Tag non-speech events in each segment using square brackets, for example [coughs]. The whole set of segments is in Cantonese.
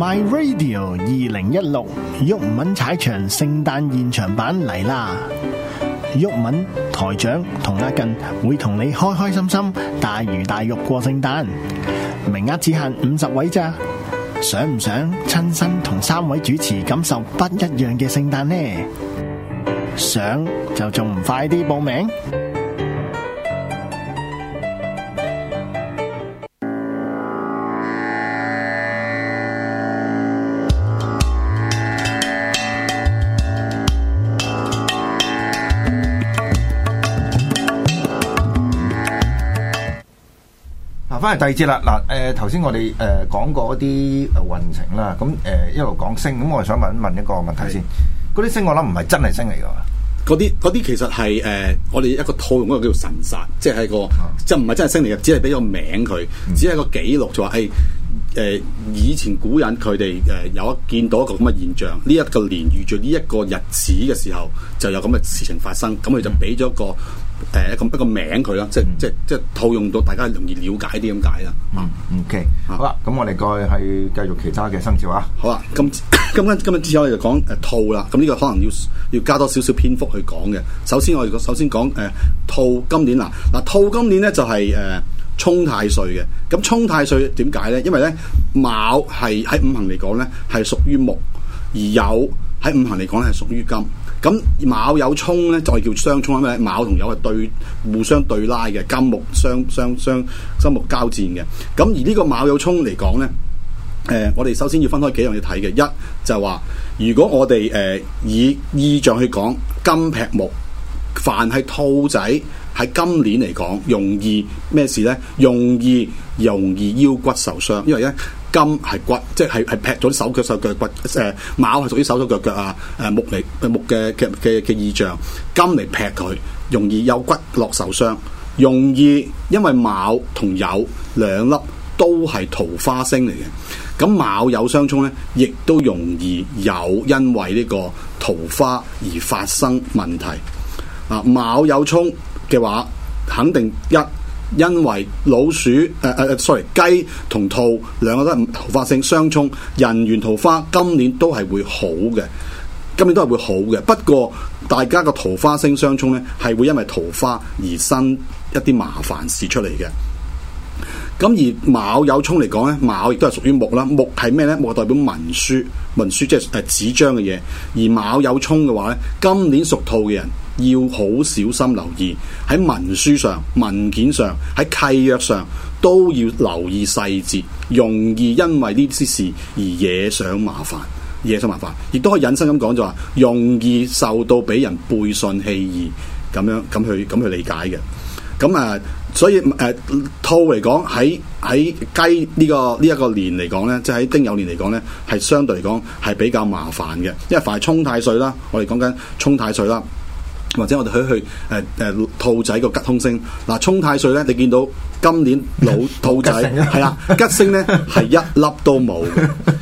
My Radio 二零一六郁文踩場聖誕現場版嚟啦！郁文台長同阿近會同你開開心心大魚大肉過聖誕，名額只限五十位咋？想唔想親身同三位主持感受不一樣嘅聖誕呢？想就仲唔快啲報名？翻嚟第二節啦，嗱誒頭先我哋誒、呃、講過一啲運程啦，咁、呃、誒一路講星，咁、呃、我係想問問一個問題先，嗰啲是星我諗唔係真係星嚟㗎，嗰啲嗰啲其實係誒、呃、我哋一個套用嗰個叫做神煞，即係個、嗯、即係唔係真係星嚟嘅，只係俾個名佢，只係個記錄就話係誒以前古人佢哋誒有一見到一個咁嘅現象，呢、這、一個年遇著呢一個日子嘅時候就有咁嘅事情發生，咁佢就俾咗個。嗯誒、呃，一不過名佢啦，即係、嗯、即係即係套用到大家容易了解啲咁解啦。啊、嗯，OK，啊、好啦，咁我哋再係繼續其他嘅生肖啊。好啊，今次今今今日之後我哋就講誒兔啦。咁呢個可能要要加多少少篇幅去講嘅。首先我哋首先講誒兔今年嗱嗱兔今年咧就係、是、誒、呃、沖太歲嘅。咁、啊、沖太歲點解咧？因為咧卯係喺五行嚟講咧係屬於木，而酉喺五行嚟講係屬於金。咁卯、嗯、有沖咧，再、就是、叫雙沖咧，卯同酉係對互相對拉嘅，金木雙雙雙金木交戰嘅。咁、嗯、而個呢個卯有沖嚟講咧，誒、呃，我哋首先要分開幾樣嘢睇嘅。一就係、是、話，如果我哋誒、呃、以，以意象去講金劈木，凡係兔仔喺今年嚟講，容易咩事咧？容易容易腰骨受傷，因為咧。金係骨，即係係劈咗啲手腳、手腳骨，誒卯係屬於手手腳腳啊，誒木嚟木嘅、嘅、嘅意象，金嚟劈佢，容易有骨落受傷，容易因為卯同酉兩粒都係桃花星嚟嘅，咁卯酉相沖咧，亦都容易有因為呢個桃花而發生問題。啊，卯酉沖嘅話，肯定一。因為老鼠誒誒、呃，sorry，雞同兔兩個都係桃花星相沖，人緣桃花今年都係會好嘅，今年都係會好嘅。不過大家個桃花星相沖呢，係會因為桃花而生一啲麻煩事出嚟嘅。咁而卯酉沖嚟講呢，卯亦都係屬於木啦。木係咩呢？木代表文書，文書即係誒紙張嘅嘢。而卯酉沖嘅話呢，今年屬兔嘅人。要好小心留意喺文書上、文件上、喺契約上，都要留意細節，容易因為呢啲事而惹上麻煩，惹上麻煩，亦都可以引申咁講，就話容易受到俾人背信棄義咁樣咁去咁去理解嘅。咁啊、呃，所以誒、呃、兔嚟講喺喺雞呢個呢一、這個年嚟講呢，即係喺丁酉年嚟講呢，係相對嚟講係比較麻煩嘅，因為凡係沖太歲啦，我哋講緊沖太歲啦。或者我哋可去誒誒、呃、兔仔個吉凶星，嗱、啊、沖太歲咧，你見到今年老兔仔係啦 [laughs] 成、啊，吉星咧係 [laughs] 一粒都冇，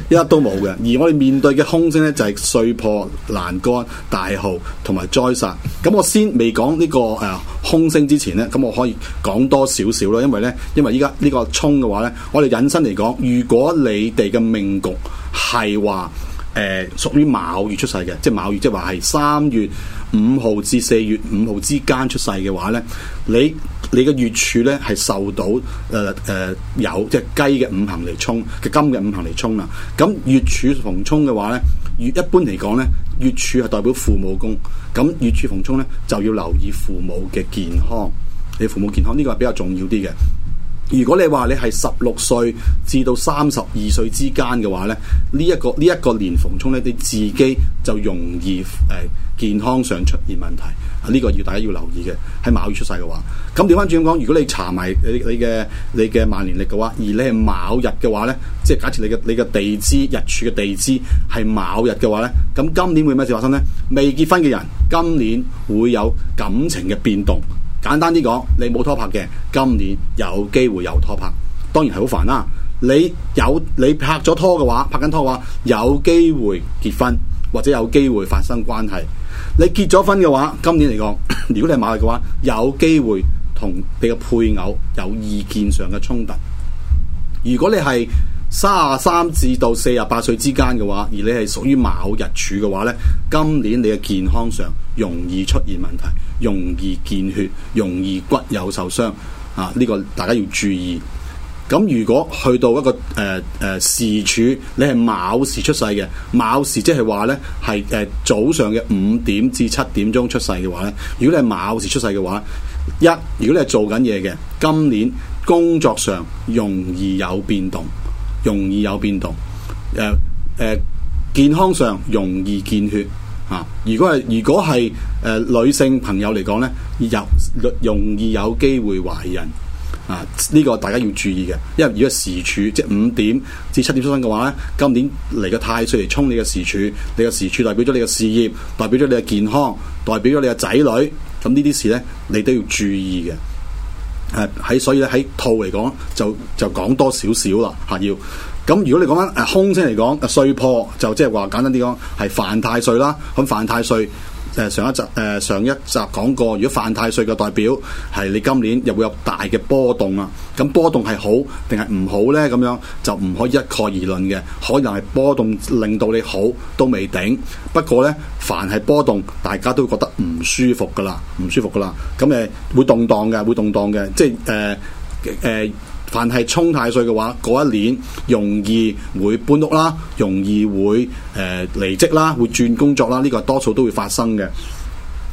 一粒都冇嘅。而我哋面對嘅凶星咧就係、是、碎破欄杆、大耗同埋災煞。咁我先未講呢、這個誒、呃、凶星之前咧，咁我可以講多少少咯，因為咧，因為依家呢個沖嘅話咧，我哋引申嚟講，如果你哋嘅命局係話。誒、呃，屬於卯月出世嘅，即係卯月，即係話係三月五號至四月五號之間出世嘅話咧，你你嘅月柱咧係受到誒誒酉即係雞嘅五行嚟沖，嘅金嘅五行嚟沖啊。咁月柱逢沖嘅話咧，月一般嚟講咧，月柱係代表父母宮，咁月柱逢沖咧就要留意父母嘅健康，你父母健康呢、呢個係比較重要啲嘅。如果你話你係十六歲至到三十二歲之間嘅話咧，呢一個呢一個年逢沖咧，你自己就容易誒、呃、健康上出現問題，啊、這、呢個要大家要留意嘅。喺卯月出世嘅話，咁調翻轉講，如果你查埋你嘅你嘅萬年曆嘅話，而你係卯日嘅話呢，即係假設你嘅你嘅地支日柱嘅地支係卯日嘅話呢，咁、嗯、今年會咩事發生呢？未結婚嘅人今年會有感情嘅變動。簡單啲講，你冇拖拍嘅，今年有機會有拖拍，當然係好煩啦。你有你拍咗拖嘅話，拍緊拖嘅話，有機會結婚或者有機會發生關係。你結咗婚嘅話，今年嚟講， [coughs] 如果你係馬嘅話，有機會同你嘅配偶有意見上嘅衝突。如果你係三十三至到四十八歲之間嘅話，而你係屬於卯日柱嘅話呢今年你嘅健康上容易出現問題，容易見血，容易骨有受傷啊。呢、呢個大家要注意。咁、啊、如果去到一個誒誒、呃呃、時柱，你係卯時出世嘅，卯時即係話呢係誒、呃、早上嘅五點至七點鐘出世嘅話呢如果你係卯時出世嘅話，一如果你係做緊嘢嘅，今年工作上容易有變動。容易有變動，誒、呃、誒、呃，健康上容易見血啊！如果係如果係誒、呃、女性朋友嚟講咧，有、呃、容易有機會懷孕啊！呢、這個大家要注意嘅，因為如果時柱即係五點至七點出生嘅話咧，今年嚟嘅太歲嚟沖你嘅時柱，你嘅時柱代表咗你嘅事業，代表咗你嘅健康，代表咗你嘅仔女，咁呢啲事咧你都要注意嘅。誒喺 [noise] 所以咧喺套嚟講，就就講多少少啦吓，要咁如果你講翻誒空聲嚟講，誒歲破就即係話簡單啲講，係犯太歲啦，咁犯太歲。誒上一集誒、呃、上一集講過，如果犯太歲嘅代表係你今年又會有大嘅波動啊。咁波動係好定係唔好呢？咁樣就唔可以一概而論嘅，可能係波動令到你好都未頂。不過呢，凡係波動，大家都覺得唔舒服噶啦，唔舒服噶啦，咁誒會動盪嘅，會動盪嘅，即係誒誒。呃呃。凡係沖太歲嘅話，嗰一年容易會搬屋啦，容易會誒、呃、離職啦，會轉工作啦，呢、這個多數都會發生嘅。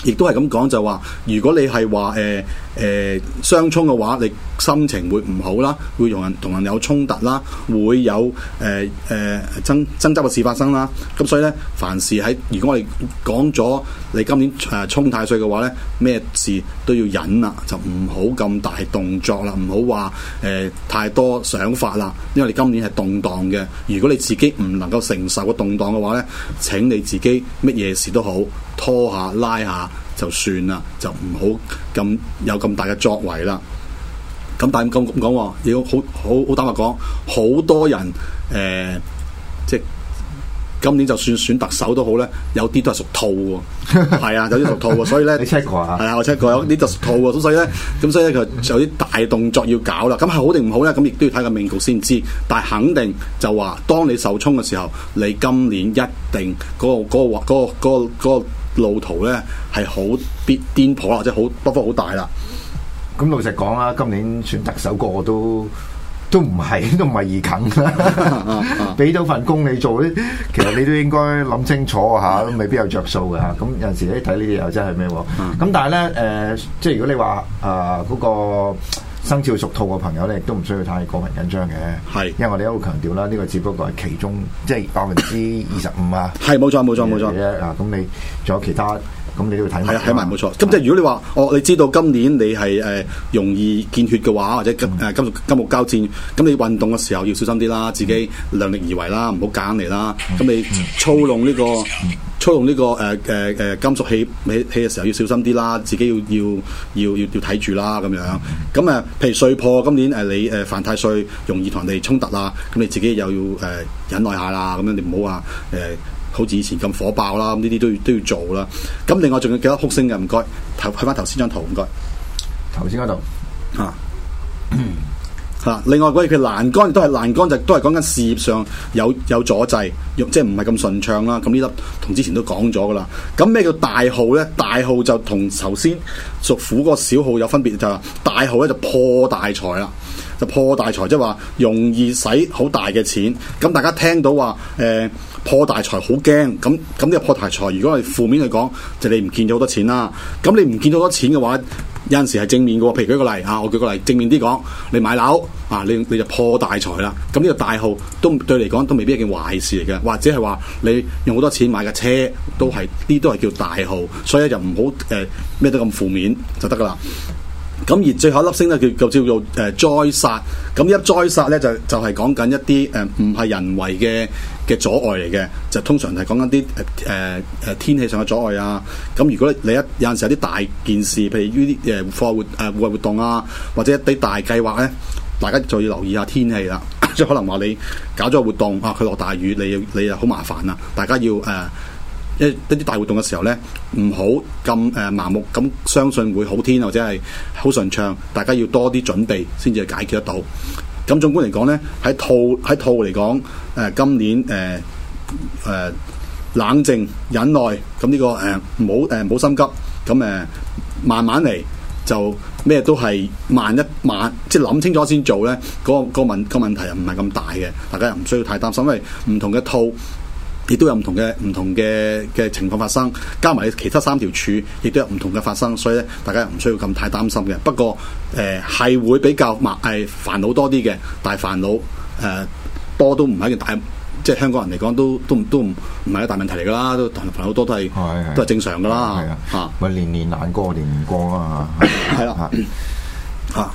亦都係咁講就話、是，如果你係話誒。呃誒相沖嘅話，你心情會唔好啦，會同人同人有衝突啦，會有誒誒爭爭執嘅事發生啦。咁所以呢，凡事喺如果我哋講咗你今年誒沖太歲嘅話呢，咩事都要忍啦，就唔好咁大動作啦，唔好話誒太多想法啦，因為你今年係動盪嘅。如果你自己唔能夠承受個動盪嘅話呢，請你自己乜嘢事都好拖下拉下。就算啦，就唔好咁有咁大嘅作為啦。咁但係咁講喎，要好好好坦白講，好多人誒、呃，即係今年就算選特首都好咧，有啲都係屬兔喎。係啊， [laughs] 有啲屬兔喎，所以咧，你 check 過啊，係啊，我 check 過有啲就屬兔喎，咁所以咧，咁所以咧佢有啲大動作要搞啦。咁係好定唔好咧？咁亦都要睇個命局先知。但係肯定就話，當你受衝嘅時候，你今年一定嗰個嗰個嗰個嗰個。路途咧係好必顛簸啦，即係好波幅好大啦。咁老實講啦，今年選特首個都都唔係都唔係易啃啦。俾到份工你做咧，其實你都應該諗清楚嚇，都、啊、Weber 未必有着數嘅嚇。咁有陣時咧睇、欸、呢啲又真係咩？咁但係咧誒，即係如果你話誒嗰個。生肖屬兔個朋友咧，亦都唔需要太過分緊張嘅。係，因為我哋一路強調啦，呢個只不過係其中即係百分之二十五啊。係，冇錯，冇錯，冇錯嘅啊。咁你仲有其他？咁你要睇係啊，睇埋冇錯。咁即係如果你話哦，你知道今年你係誒、呃、容易見血嘅話，或者金誒金木交戰，咁你運動嘅時候要小心啲啦，自己量力而為啦，唔好夾硬嚟啦。咁你操弄呢、這個、嗯嗯嗯、操弄呢、這個誒誒誒金屬器器嘅時候要小心啲啦，自己要要要要要睇住啦咁樣。咁啊、呃，譬如歲破今年誒你誒犯太歲，容易同人哋衝突啦，咁你自己又要誒、呃呃、忍耐下啦，咁樣，樣你唔好話誒。呃呃好似以前咁火爆啦，咁呢啲都要都要做啦。咁另外仲有幾多哭聲嘅，唔該睇睇翻頭先張圖，唔該頭先嗰度嚇嚇。另外嗰啲佢欄杆都係欄杆，都欄杆就係、都係講緊事業上有有阻滯，即係唔係咁順暢啦。咁呢粒同之前都講咗噶啦。咁、啊、咩叫大號呢？大號就同頭先屬虎個小號有分別，就大號咧就破大財啦。就破大財，即係話容易使好大嘅錢。咁大家聽到話誒、欸、破大財好驚，咁咁呢個破大財，如果係負面嚟講，就你唔見咗好多錢啦。咁你唔見咗好多錢嘅話，有陣時係正面嘅喎。譬如舉個例嚇、啊，我舉個例正面啲講，你買樓啊，你你就破大財啦。咁呢個大號都對嚟講都未必係件壞事嚟嘅，或者係話你用好多錢買架車都係啲都係叫大號，所以就唔好誒咩得咁負面就得噶啦。咁而最後一粒星咧，叫就叫做誒、呃、災殺。咁一災殺咧，就就係、是、講緊一啲誒唔係人為嘅嘅阻礙嚟嘅，就通常係講緊啲誒誒誒天氣上嘅阻礙啊。咁如果你一有陣時有啲大件事，譬如呢啲誒戶外活誒戶外活動啊，或者一啲大計劃咧、啊，大家就要留意下天氣啦。即 [laughs] 係可能話你搞咗個活動啊，佢落大雨，你要你就好麻煩啦、啊。大家要誒。呃一一啲大活動嘅時候咧，唔好咁誒盲目咁相信會好天或者係好順暢，大家要多啲準備先至解決得到。咁總觀嚟講咧，喺套喺套嚟講，誒、呃、今年誒誒、呃呃、冷靜忍耐，咁、這、呢個誒唔好誒唔好心急，咁、呃、誒慢慢嚟就咩都係慢一慢，即係諗清楚先做咧，嗰、那個個問、那個問題又唔係咁大嘅，大家又唔需要太擔心，因為唔同嘅套。亦都有唔同嘅唔同嘅嘅情況發生，加埋其他三條柱，亦都有唔同嘅發生，所以咧大家唔需要咁太擔心嘅。不過誒係、呃、會比較麻誒、啊、煩惱多啲嘅，但係煩惱誒、呃、多都唔係一件大，即係香港人嚟講都都都唔唔係一個大問題嚟噶啦，都朋友多都係都係正常噶啦嚇。咪年年難過年年過啊嘛，係啦嚇。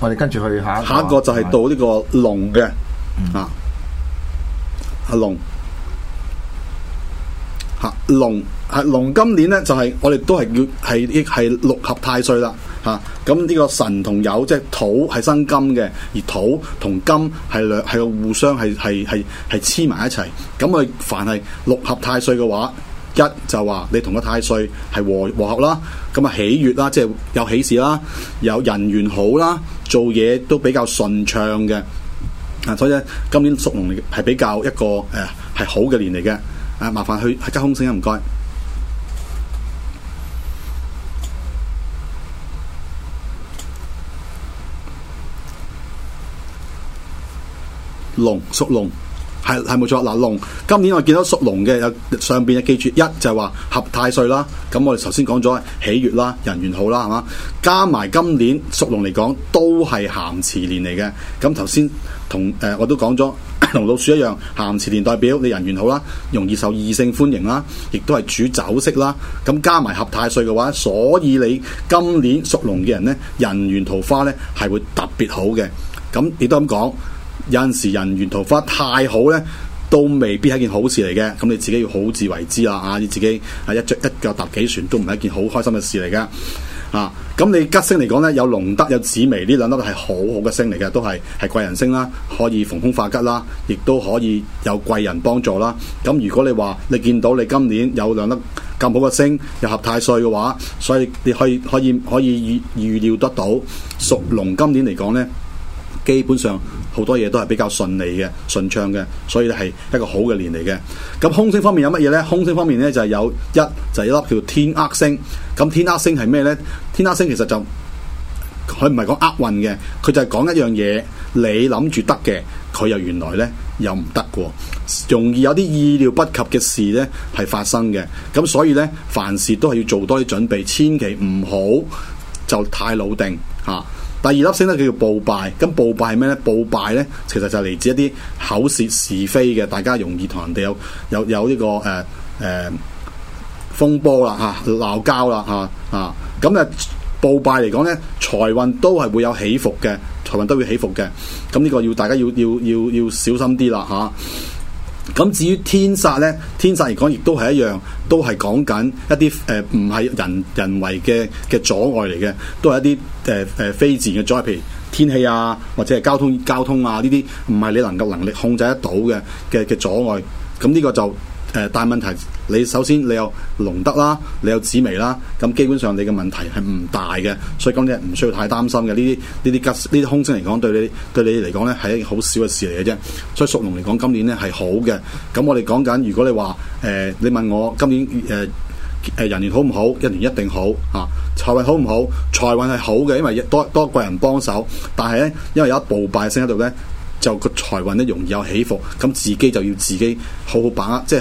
我哋跟住去下一個就係到呢個龍嘅啊，阿龍。吓龍係龍今年呢，就係、係、我哋都係叫係啲係六合太歲啦吓，咁呢個神同友即係土係生金嘅，而土同金係兩係互相係係係係黐埋一齊，咁啊凡係六合太歲嘅話，一就話你同個太歲係和和合啦，咁啊喜悅啦，即係有喜事啦，有人緣好啦，做嘢都比較順暢嘅啊，所以今年屬龍係比較一個誒係、啊、好嘅年嚟嘅。麻煩去加空麻煩啊，麻煩去去吉凶先啊，唔該。龍，屬龍，係係冇錯。嗱，龍今年我見到屬龍嘅，有上邊要記住一就係話合太歲啦。咁我哋頭先講咗喜悅啦，人緣好啦，係嘛？加埋今年屬龍嚟講都係咸池年嚟嘅。咁頭先同誒、呃、我都講咗。同老鼠一樣，咸池年代表你人緣好啦，容易受異性歡迎啦，亦都係主酒色啦。咁加埋合太歲嘅話，所以你今年屬龍嘅人呢，人緣桃花呢係會特別好嘅。咁亦都咁講，有陣時人緣桃花太好呢，都未必係一件好事嚟嘅。咁你自己要好自為之啦，啊！你自己係一隻一腳踏幾船，都唔係一件好開心嘅事嚟㗎。啊！咁你吉星嚟講呢，有龍德有紫微呢兩粒係好好嘅星嚟嘅，都係係貴人星啦，可以逢凶化吉啦，亦都可以有貴人幫助啦。咁如果你話你見到你今年有兩粒咁好嘅星，又合太歲嘅話，所以你可以可以可以預預料得到，屬龍今年嚟講呢，基本上。好多嘢都係比較順利嘅，順暢嘅，所以咧係一個好嘅年嚟嘅。咁凶星方面有乜嘢呢？凶星方面呢，就係，有一就係，一粒叫天厄星。咁天厄星係咩呢？天厄星其實就佢唔係講厄運嘅，佢就係講一樣嘢，你諗住得嘅，佢又原來呢，又唔得過，容易有啲意料不及嘅事呢，係發生嘅。咁所以呢，凡事都係要做多啲準備，千祈唔好就太老定吓。啊第二粒星咧，叫做暴敗。咁暴敗係咩呢？暴敗呢，其實就嚟自一啲口舌是、是非嘅，大家容易同人哋有有有呢、這個誒誒、呃呃、風波啦吓，鬧交啦吓啊！咁啊，啊，暴敗嚟講呢，財運都係會有起伏嘅，財運都會起伏嘅。咁呢個要大家要要要要小心啲啦吓。啊咁至於天煞呢？天煞嚟講，亦都係一樣，都係講緊一啲誒唔係人人為嘅嘅阻礙嚟嘅，都係一啲誒誒非自然嘅阻礙，譬如天氣啊，或者係交通交通啊呢啲，唔係你能夠能力控制得到嘅嘅嘅阻礙，咁呢個就。誒，但係問題，你首先你有龍德啦，你有紫微啦，咁基本上你嘅問題係唔大嘅，所以今年唔需要太擔心嘅。呢啲呢啲吉呢啲空星嚟講，對你對你嚟講咧係一件好少嘅事嚟嘅啫。所以屬龍嚟講，今年咧係好嘅。咁我哋講緊，如果你話誒、呃，你問我今年誒、呃、人緣好唔好？一年一定好嚇。財運好唔好？財運係好嘅，因為多多貴人幫手。但係呢，因為有一暴敗星喺度呢。就個財運咧，容易有起伏，咁自己就要自己好好把握，即係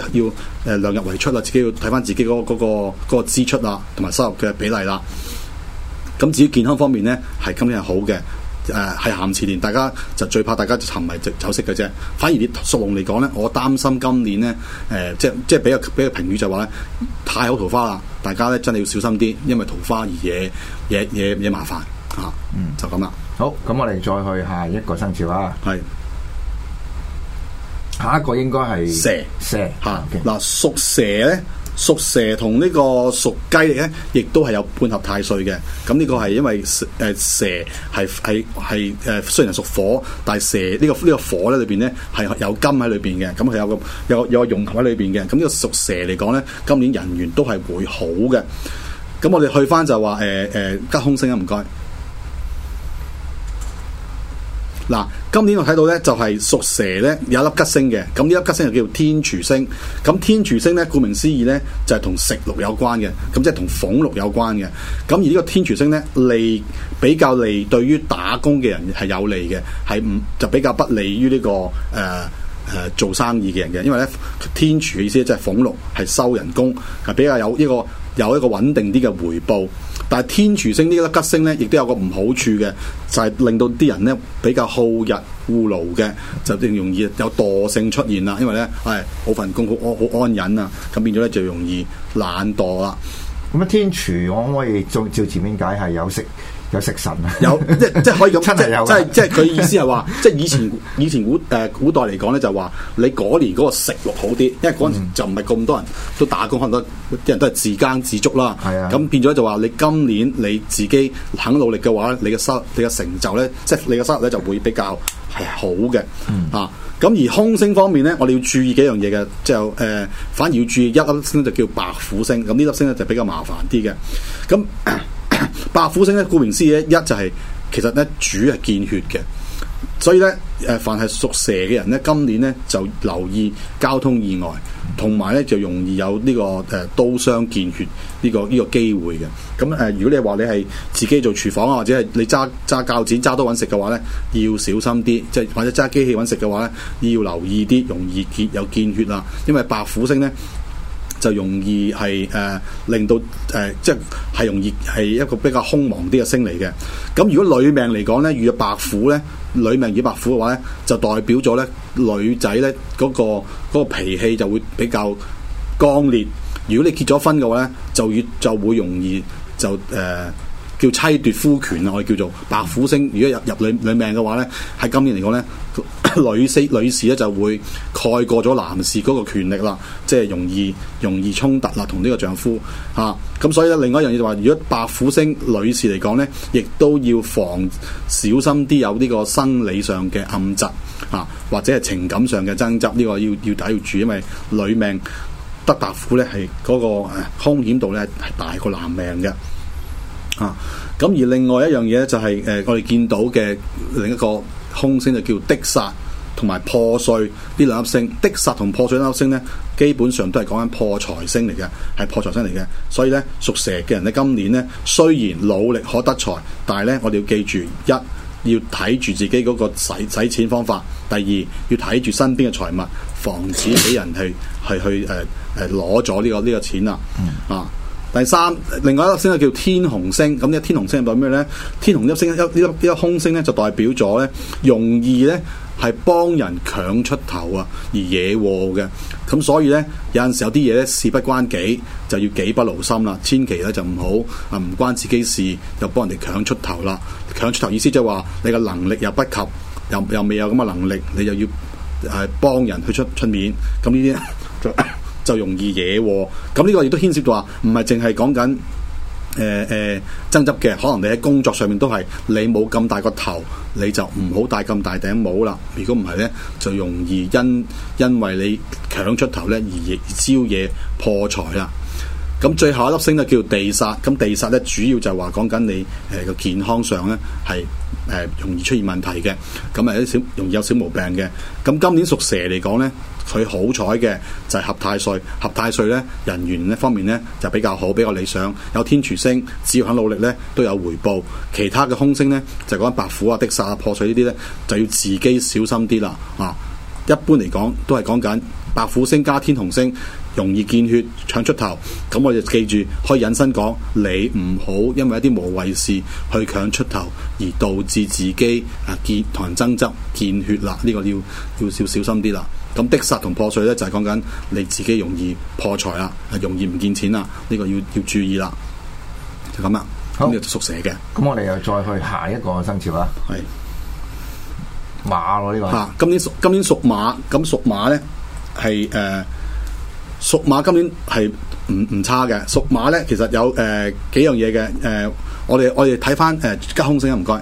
要誒量入為出啦。自己要睇翻自己嗰嗰個嗰個支出啊，同埋收入嘅比例啦。咁至於健康方面咧，係今年係好嘅，誒係鹹池年，大家就最怕大家沉迷酒酒色嘅啫。反而啲屬龍嚟講咧，我擔心今年咧誒、呃，即係即係比較比較評語就話咧太好桃花啦，大家咧真係要小心啲，因為桃花而惹惹惹麻煩啊。嗯、就咁啦。好，咁我哋再去下一個生肖啊。係是下一個應該係蛇蛇吓。嗱、okay. 啊，屬蛇咧，屬蛇同呢個屬雞咧，亦都係有半合太歲嘅。咁呢個係因為誒蛇係係係誒雖然係屬火，但係蛇呢、這個呢、這個火咧裏邊咧係有金喺裏邊嘅。咁係有個有有個融合喺裏邊嘅。咁呢個屬蛇嚟講咧，今年人緣都係會好嘅。咁我哋去翻就話誒誒吉凶星啊唔該。嗱，今年我睇到咧就係屬蛇咧有一粒吉星嘅，咁呢粒吉星就叫做天廚星。咁天廚星咧，顧名思義咧就係同食祿有關嘅，咁即係同俸祿有關嘅。咁而呢個天廚星咧利比較利對於打工嘅人係有利嘅，係唔就比較不利於呢、這個誒誒、呃呃、做生意嘅人嘅，因為咧天廚嘅意思即係俸祿係收人工，係比較有呢個有一個穩定啲嘅回報。但係天廚星，星呢粒吉星咧，亦都有個唔好處嘅，就係、是、令到啲人咧比較好逸惡勞嘅，就越容易有惰性出現啦。因為咧，唉、哎，好份工好安好安忍啊，咁變咗咧就容易懶惰啦。咁啊，天廚我可唔可以照照前面解係有食？有食神啊 [laughs] 有！ [laughs] 有即即可以咁即即即佢意思係話，即以前以前古誒、呃、古代嚟講咧，就話你嗰年嗰個食祿好啲，因為嗰陣就唔係咁多人都打工，可能都啲人都係自耕自足啦。係是啊，咁變咗就話你今年你自己肯努力嘅話，你嘅收你嘅成就咧，即你嘅收入咧就會比較係好嘅。嗯、啊，咁而空星方面咧，我哋要注意幾樣嘢嘅，就誒、呃、反而要注意一粒星就叫白虎星，咁呢粒星咧就比較麻煩啲嘅。咁白虎星咧，顧名思義呢，一就係、是、其實咧主係見血嘅，所以咧誒，凡係屬蛇嘅人咧，今年咧就留意交通意外，同埋咧就容易有呢個誒刀傷見血呢、這個呢、這個機會嘅。咁、嗯、誒，如果你話你係自己做廚房啊，或者係你揸揸鉸剪揸刀搵食嘅話咧，要小心啲，即係或者揸機器搵食嘅話咧，要留意啲容易見有見血啊，因為白虎星咧。就容易係誒、呃、令到誒、呃、即係容易係一個比較兇猛啲嘅星嚟嘅。咁如果女命嚟講咧，遇白虎呢女命遇白虎嘅話呢就代表咗呢女仔呢嗰、嗰個嗰、嗰個脾氣就會比較剛烈。如果你結咗婚嘅話呢就越就會容易就誒，呃叫妻奪夫權啊，我哋叫做白虎星。如果入入女女命嘅話咧，喺今年嚟講咧，女性女士咧就會蓋過咗男士嗰個權力啦，即係容易容易衝突啦，同呢個丈夫啊。咁所以咧，另外一樣嘢就話、是，如果白虎星女士嚟講咧，亦都要防小心啲，有呢個生理上嘅暗疾啊，或者係情感上嘅爭執，呢、這個要要抵住，因為女命得白虎咧係嗰個風、呃、險度咧係大過男命嘅。啊！咁而另外一樣嘢咧，就係誒我哋見到嘅另一個空星就叫的煞同埋破碎呢兩粒星。的煞同破碎呢粒星呢，基本上都係講緊破財星嚟嘅，係破財星嚟嘅。所以呢，屬蛇嘅人呢，今年呢，雖然努力可得財，但係呢，我哋要記住，一要睇住自己嗰個使使錢方法，第二要睇住身邊嘅財物，防止俾人去係去誒誒攞咗呢個呢、呢個錢啦。啊！嗯第三，另外一粒星咧叫天紅星，咁呢天紅星代表咩咧？天紅一星一呢粒一空星咧，就代表咗咧容易咧係幫人強出頭啊，而惹禍嘅。咁所以咧有陣時有啲嘢咧事不關己，就要己不勞心啦。千祈咧就唔好啊，唔關自己事又幫人哋強出頭啦。強出頭意思即係話你個能力又不及，又又未有咁嘅能力，你又要係幫人去出出面。咁呢啲就。 [coughs] 就容易惹禍，咁呢個亦都牽涉到話，唔係淨係講緊誒誒爭執嘅，可能你喺工作上面都係你冇咁大個頭，你就唔好戴咁大頂帽啦。如果唔係呢，就容易因因為你強出頭呢，而招惹破財啦。咁最後一粒星呢，叫做地煞，咁地煞呢，主要就話講緊你誒個健康上呢，係誒、呃、容易出現問題嘅，咁啊有啲容易有小毛病嘅。咁今年屬蛇嚟講呢。佢好彩嘅就係合太歲，合太歲呢，人緣呢方面呢就比較好，比較理想。有天廚星，只要肯努力呢，都有回報。其他嘅空星呢，就講白虎啊、的煞啊、破碎呢啲呢，就要自己小心啲啦。啊，一般嚟講都係講緊白虎星加天雄星容易見血搶出頭，咁我哋就記住可以引申講你唔好因為一啲無謂事去搶出頭，而導致自己啊見同人爭執見血啦。呢個要要少小心啲啦。咁的煞同破碎咧，就係講緊你自己容易破財啦，容易唔見錢啦，呢、這個要要注意啦。就咁啦，咁你好就屬蛇嘅。咁我哋又再去下一個生肖啊。係是馬咯呢個。啊，今年屬今年屬馬，咁屬馬咧係誒，屬馬今年係唔唔差嘅。屬馬咧其實有誒、呃、幾樣嘢嘅。誒、呃，我哋我哋睇翻誒吉凶星啊，唔該。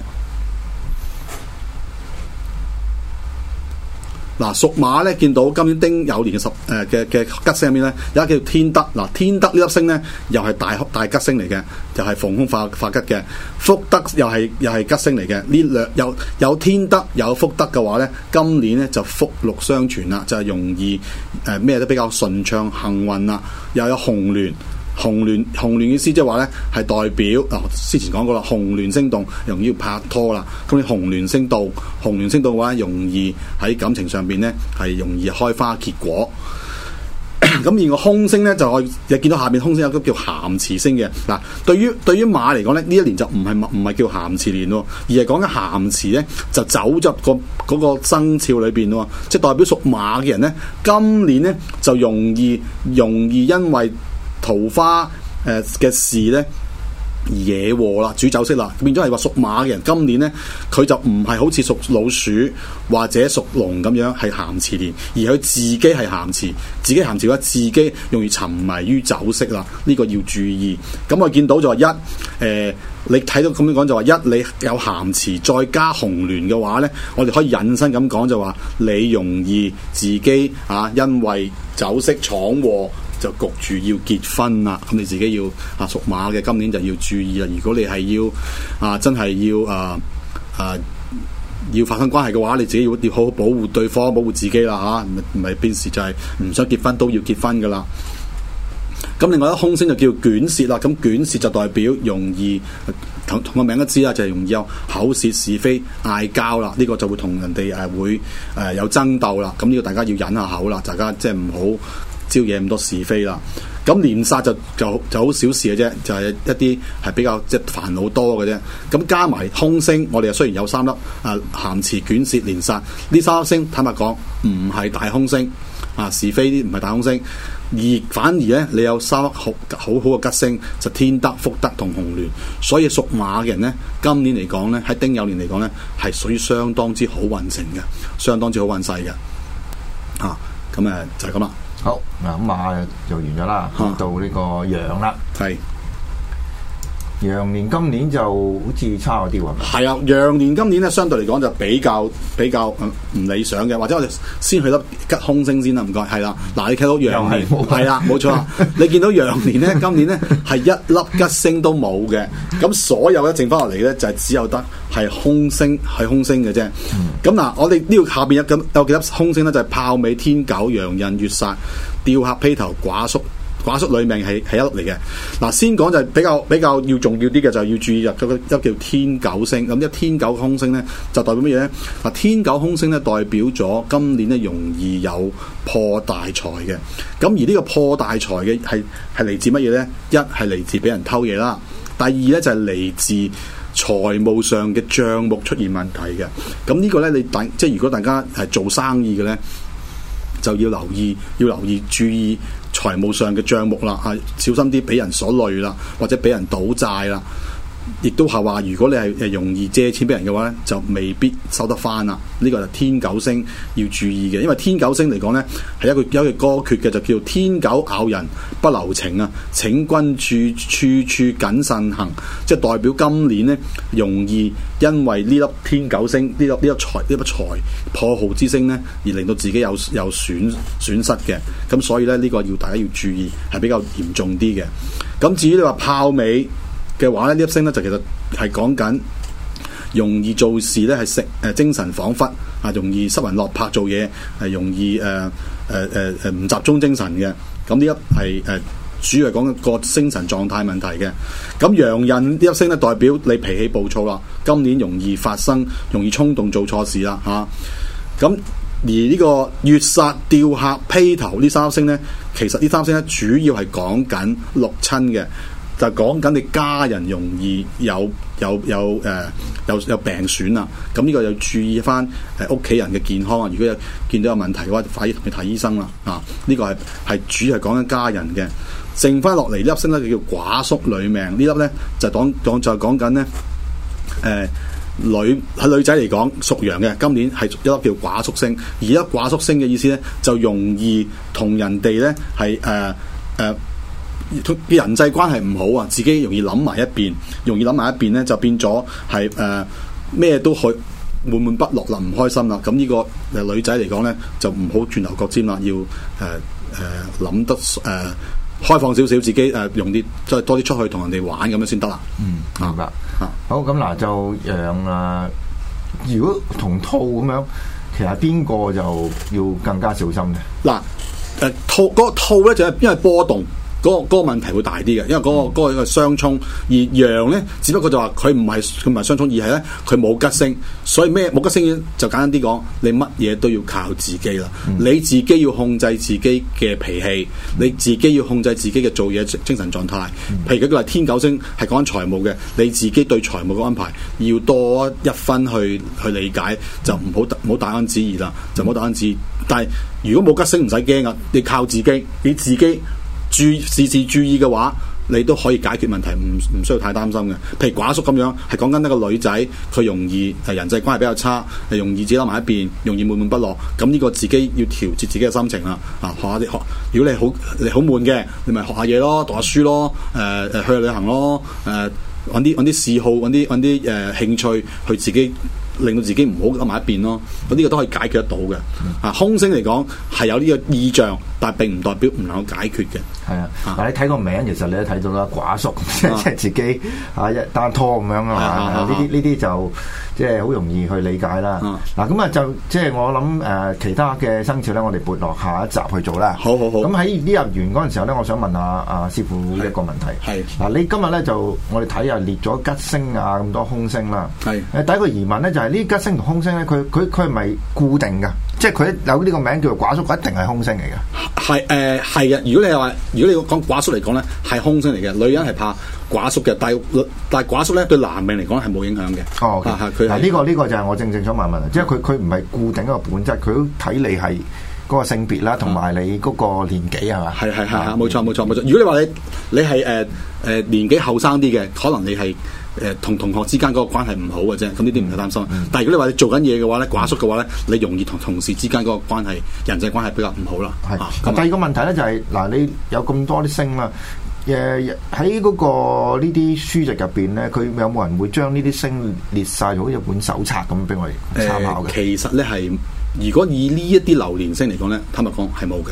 嗱，屬馬咧，見到今年丁酉年十誒嘅嘅吉星入面咧，有一個叫天德。嗱，天德呢粒星咧，又係大大吉星嚟嘅，又係逢凶化化吉嘅，福德又係又係吉星嚟嘅。呢兩有有天德有福德嘅話咧，今年咧就福祿雙全啦，就係、是、容易誒咩、呃、都比較順暢幸運啦，又有紅鸞。紅鸞紅鸞意思即係話呢，係代表啊。之、哦、前講過啦，紅鸞星動容易拍拖啦。咁你紅鸞星動，紅鸞星動嘅話，容易喺感情上邊呢，係容易開花結果。咁而個空星呢，就我亦見到下面空星有個叫咸池星嘅，嗱。對於對於馬嚟講呢，呢一年就唔係唔係叫咸池年咯，而係講緊咸池呢，就走入、個嗰、個生肖裏邊咯，即係代表屬馬嘅人呢，今年呢，就容易容易因為桃花誒嘅事咧惹禍啦，煮酒色啦，變咗係話屬馬嘅人，今年呢，佢就唔係好似屬老鼠或者屬龍咁樣係咸池年，而佢自己係咸池，自己咸池嘅話，自己容易沉迷於酒色啦，呢、這個要注意。咁我見到就話、是、一誒、呃，你睇到咁樣講就話、是、一，你有咸池再加紅鸞嘅話呢，我哋可以引申咁講就話、是、你容易自己嚇、啊、因為酒色闖禍。闖禍。就焗住要結婚啦，咁你自己要啊屬馬嘅，今年就要注意啦。如果你係要啊真係要啊啊要發生關係嘅話，你自己要好好保護對方、保護自己啦吓，唔係邊時就係唔想結婚都要結婚㗎啦。咁另外一空聲就叫卷舌啦，咁卷舌就代表容易、啊、同個名都知啦，就係、是、容易有口舌是，是非、嗌交啦。呢、呢個就會同人哋誒、啊、會誒、啊、有爭鬥啦。咁呢個大家要忍下口啦，大家即係唔好。招惹咁多是非啦，咁連殺就就就好少事嘅啫，就係、就是、一啲係比較即係煩惱多嘅啫。咁加埋空星，我哋啊雖然有三粒啊咸池卷舌連殺呢三粒星，坦白講唔係大空星啊是非啲唔係大空星，而反而咧你有三粒好、好好好嘅吉星，就天德福德同紅鸞。所以屬馬嘅人咧，今年嚟講咧喺丁酉年嚟講咧係屬於相當之好運程嘅，相當之好運勢嘅。吓咁誒就係咁啦。好嗱，咁馬就完咗啦，咁哈到呢個羊啦。係。羊年今年就好似差咗啲喎，係啊！羊年今年咧，相對嚟講就比較比較唔、嗯、理想嘅，或者我哋先去粒吉空星先啦，唔該，係啦。嗱，你睇到羊年係啦，冇錯啦。錯 [laughs] 你見到羊年咧，今年咧係 [laughs] 一粒吉星都冇嘅，咁所有咧剩翻落嚟咧就係只有得係空星，係空星嘅啫。咁嗱、嗯啊，我哋呢度下邊有咁有幾粒空星咧，就係豹尾、天狗、羊印、月煞、吊客、披頭、寡叔。寡宿女命係係一粒嚟嘅，嗱先講就係比較比較要重要啲嘅，就要注意入咗個一個叫天狗星。咁一天狗空星咧，就代表乜嘢咧？嗱，天狗空星咧代表咗今年咧容易有破大財嘅。咁而呢個破大財嘅係係嚟自乜嘢咧？一係嚟自俾人偷嘢啦，第二咧就係、是、嚟自財務上嘅賬目出現問題嘅。咁呢個咧你等，即係如果大家係做生意嘅咧，就要留意，要留意，注意。財務上嘅帳目啦，啊，小心啲俾人所累啦，或者俾人倒債啦。亦都係話，如果你係係容易借錢俾人嘅話咧，就未必收得翻啦。呢個就天狗星要注意嘅，因為天狗星嚟講咧係一個有一個歌訣嘅，就叫做天狗咬人不留情啊！請君處處處謹慎行，即係代表今年咧容易因為呢粒天狗星呢粒呢粒財呢粒財破耗之星咧，而令到自己有有損損失嘅。咁所以咧呢、呢個要大家要注意，係比較嚴重啲嘅。咁至於你話炮尾嘅話呢，呢一星呢就其實係講緊容易做事呢係食誒精神恍惚啊，容易失魂落魄做嘢，係容易誒誒誒唔集中精神嘅。咁呢一係誒、呃、主要係講緊個精神狀態問題嘅。咁羊刃呢一星呢代表你脾氣暴躁啦，今年容易發生容易衝動做錯事啦吓。咁、啊、而呢個月煞吊客披頭呢三星呢，其實三呢三星呢主要係講緊六親嘅。就講緊你家人容易有有有誒、呃、有有病損啦、啊，咁呢個要注意翻誒屋企人嘅健康啊！如果有見到有問題嘅話，就快啲同你睇醫生啦啊！呢、啊這個係係主要係講緊家人嘅，剩翻落嚟呢粒星咧叫寡宿女命，呢粒咧就講講就係講緊咧誒女喺女仔嚟講屬羊嘅，今年係一粒叫寡宿星，而一粒寡宿星嘅意思咧就容易同人哋咧係誒誒。人際關係唔好啊，自己容易諗埋一邊，容易諗埋一邊咧，就變咗係誒咩都開悶悶不樂啦，唔開心啦。咁呢個女仔嚟講咧，就唔好轉牛角尖啦，要誒誒諗得誒、呃、開放少少，自己誒、呃、用啲即係多啲出去同人哋玩咁樣先得啦。嗯，啱噶白，啊，好咁嗱，就羊誒，如果同兔咁樣，其實邊個就要更加小心嘅？嗱，誒兔嗰個兔咧就係因為波動。嗰個嗰個問題會大啲嘅，因為嗰個嗰個相沖而羊呢，只不過就話佢唔係佢唔係相沖，而係呢，佢冇吉星，所以咩冇吉星就簡單啲講，你乜嘢都要靠自己啦。你自己要控制自己嘅脾氣，你自己要控制自己嘅做嘢精神狀態。譬如佢話天九星係講緊財務嘅，你自己對財務嘅安排要多一分去去理解，就唔好唔好大安旨意啦，就冇大安旨意。但係如果冇吉星唔使驚噶，你靠自己，你自己。注事事注意嘅話，你都可以解決問題，唔唔需要太擔心嘅。譬如寡宿咁樣，係講緊一個女仔，佢容易係人際關係比較差，係容易自己諗埋一邊，容易悶悶不樂。咁呢個自己要調節自己嘅心情啦。啊，學下啲學，如果你好你好悶嘅，你咪學下嘢咯，讀下書咯，誒、呃、誒去，去旅行咯，揾啲揾啲嗜好，揾啲揾啲誒興趣去自己。令到自己唔好諗埋一邊咯，我、這、呢個都可以解決得到嘅。啊，凶星嚟講係有呢個意象，但係並唔代表唔能夠解決嘅。係啊，嗱、啊、你睇個名，其實你都睇到啦，寡宿 [laughs] 即係自己啊一單拖咁樣啊，呢啲呢啲就。即係好容易去理解啦。嗱、啊，咁啊就即係我諗誒、呃，其他嘅生肖咧，我哋撥落下一集去做啦。好好好。咁喺呢入完嗰陣時候咧，我想問下阿、啊啊、師傅一個問題。係是。嗱、啊，你今日咧就我哋睇下列咗吉星啊咁多空星啦。係是。誒、啊，第一個疑問咧就係、是、呢吉星同空星咧，佢佢佢係咪固定㗎？即係佢有呢個名叫做寡宿，佢一定係凶星嚟嘅。係誒，係、呃、係嘅。如果你係話，如果你講寡宿嚟講咧，係凶星嚟嘅。女人係怕寡宿嘅，但係但係寡宿咧對男命嚟講係冇影響嘅。哦、oh, okay.，佢係呢個呢、這個就係我正正想問一問，即係佢佢唔係固定一個本質，佢都睇你係嗰個性別啦，同埋你嗰個年紀係嘛？係係係，冇錯，冇錯，冇錯。如果你話你你係誒誒年紀後生啲嘅，可能你係誒、呃、同同學之間嗰個關係唔好嘅啫。咁呢啲唔使擔心。嗯、但係如果你話你做緊嘢嘅話咧，寡宿嘅話咧，你容易同同事之間嗰個關係、人際關係比較唔好啦。係。咁、啊、第二個問題呢，就係、嗱，你有咁多啲星啦，誒喺嗰個呢啲書籍入邊呢，佢有冇人會將呢啲星列晒好似本手冊咁俾我哋參考嘅、呃？其實呢係。如果以呢一啲流年星嚟講咧，坦白講係冇嘅，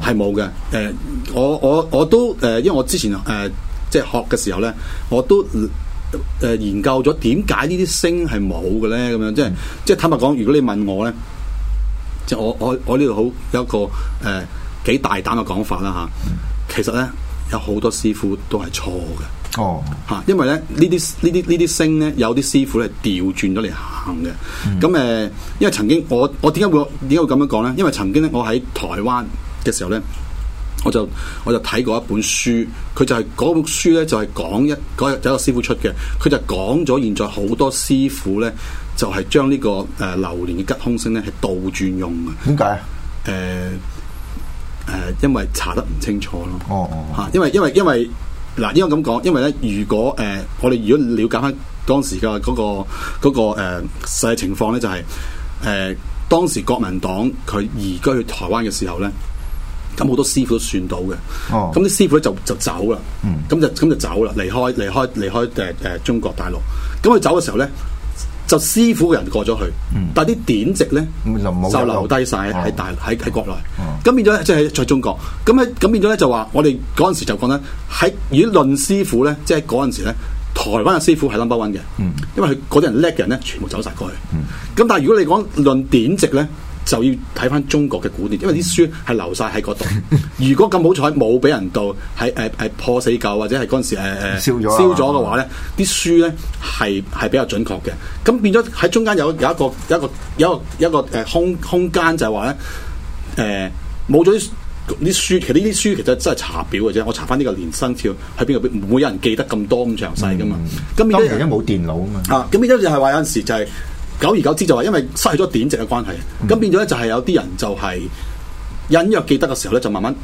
係冇嘅。誒、呃，我我我都誒、呃，因為我之前誒、呃、即係學嘅時候咧，我都誒、呃、研究咗點解呢啲星係冇嘅咧？咁樣即係、嗯、即係坦白講，如果你問我咧，就我我我呢度好有一個誒、呃、幾大膽嘅講法啦嚇、啊。其實咧，有好多師傅都係錯嘅。哦，吓，因為咧，呢啲呢啲呢啲星咧，有啲師傅咧調轉咗嚟行嘅。咁誒、嗯，因為曾經我我點解會點解會咁樣講咧？因為曾經咧，我喺台灣嘅時候咧，我就我就睇過一本書，佢就係、是、嗰本書咧就係、是、講一嗰有一個師傅出嘅，佢就講咗現在好多師傅咧就係、是、將、這個呃、呢個誒流年嘅吉凶星咧係倒轉用嘅。點解誒誒，因為查得唔清楚咯。哦哦，吓，因為因為因為。因為嗱，應該咁講，因為咧，如果誒、呃，我哋如果瞭解翻當時嘅嗰、那個嗰、那個誒實際情況咧，就係、是、誒、呃、當時國民黨佢移居去台灣嘅時候咧，咁好多師傅都算到嘅，咁啲、哦、師傅咧就就走啦，咁、嗯、就咁就走啦，離開離開離開誒誒、呃、中國大陸，咁佢走嘅時候咧。就師傅嘅人過咗去，但係啲典籍咧、嗯、就留低晒喺大喺喺國內，咁、嗯嗯、變咗即係在中國，咁咧咁變咗咧就話我哋嗰陣時就講咧喺如果論師傅咧，即係嗰陣時咧，台灣嘅師傅係 number one 嘅，嗯、因為佢嗰啲人叻嘅人咧全部走晒過去，咁、嗯、但係如果你講論典籍咧。就要睇翻中國嘅古典，因為啲書係留晒喺嗰度。 [laughs] 如果咁好彩冇俾人盜，係誒誒破四舊或者係嗰陣時誒誒燒咗了燒咗嘅話咧，啲、啊、書咧係係比較準確嘅。咁變咗喺中間有有一個有一個一個一個誒空空間就，就係話咧誒冇咗啲啲書，其實呢啲書其實真係查表嘅啫。我查翻呢個連生跳喺邊個唔會有人記得咁多咁詳細噶嘛。咁變咗而家冇電腦啊嘛。咁、啊、變咗就係話有陣時就係、是。久而久之就話，因為失去咗典籍嘅關係，咁、嗯、變咗咧就係有啲人就係隱約記得嘅時候咧，就慢慢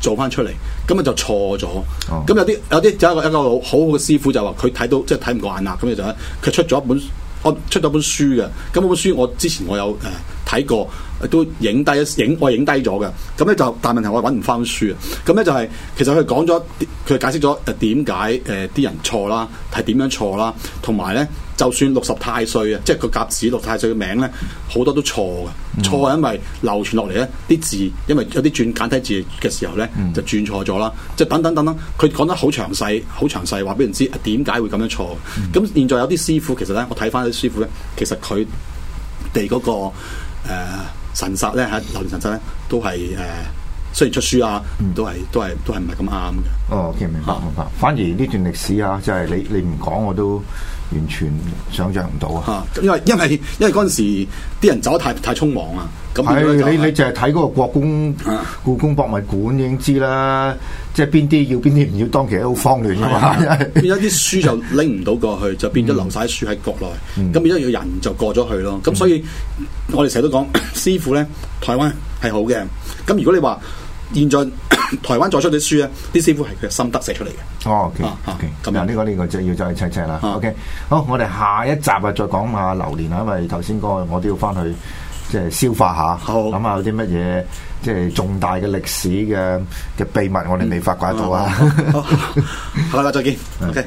做翻出嚟，咁啊就錯咗。咁、哦、有啲有啲有一個有一個好好嘅師傅就話，佢睇到即係睇唔過眼啦，咁樣就佢出咗一本我出咗本書嘅，咁本書我之前我有誒睇、呃、過，都影低影我影低咗嘅，咁咧就但係問題我揾唔翻本書啊。咁咧就係其實佢講咗，佢解釋咗誒點解誒啲人錯啦，係點樣錯啦，同埋咧。就算六十太歲啊，即係個甲子六十太歲嘅名咧，好、嗯、多都錯嘅。嗯、錯係因為流傳落嚟咧，啲字因為有啲轉簡體字嘅時候咧，嗯、就轉錯咗啦。即係等等等等，佢講得好詳細，好詳細話俾人知點解會咁樣錯。咁、嗯、現在有啲師傅其實咧，我睇返啲師傅咧，其實佢哋嗰個、呃、神煞咧喺流年神煞咧，都係誒、呃、雖然出書啊，都係都係都係唔係咁啱嘅。哦、嗯，明、okay，白明白。明白反而呢段歷史啊，即、就、係、是、你你唔講我都。完全想象唔到啊！嚇、啊，因為因為因為嗰陣時啲人走得太太匆忙啊！咁係你你你淨係睇嗰個國宮、故宮博物館已經知啦，即係邊啲要邊啲唔要，當其時好慌亂啊！ [laughs] 變咗啲書就拎唔到過去，就變咗留晒啲書喺國內，咁、嗯、變咗有人就過咗去咯。咁、嗯、所以我哋成日都講 [coughs] 師傅咧，台灣係好嘅。咁如果你話，現在台灣再出啲書咧，啲師傅係佢嘅心得寫出嚟嘅。哦，OK，OK，咁樣。呢個呢個就要再砌砌啦。OK，好，我哋下一集啊，再講下流年啊，因為頭先嗰個我都要翻去即係消化下。好，諗下有啲乜嘢即係重大嘅歷史嘅嘅秘密，我哋未發掘到啊。好，好啦，再見。OK。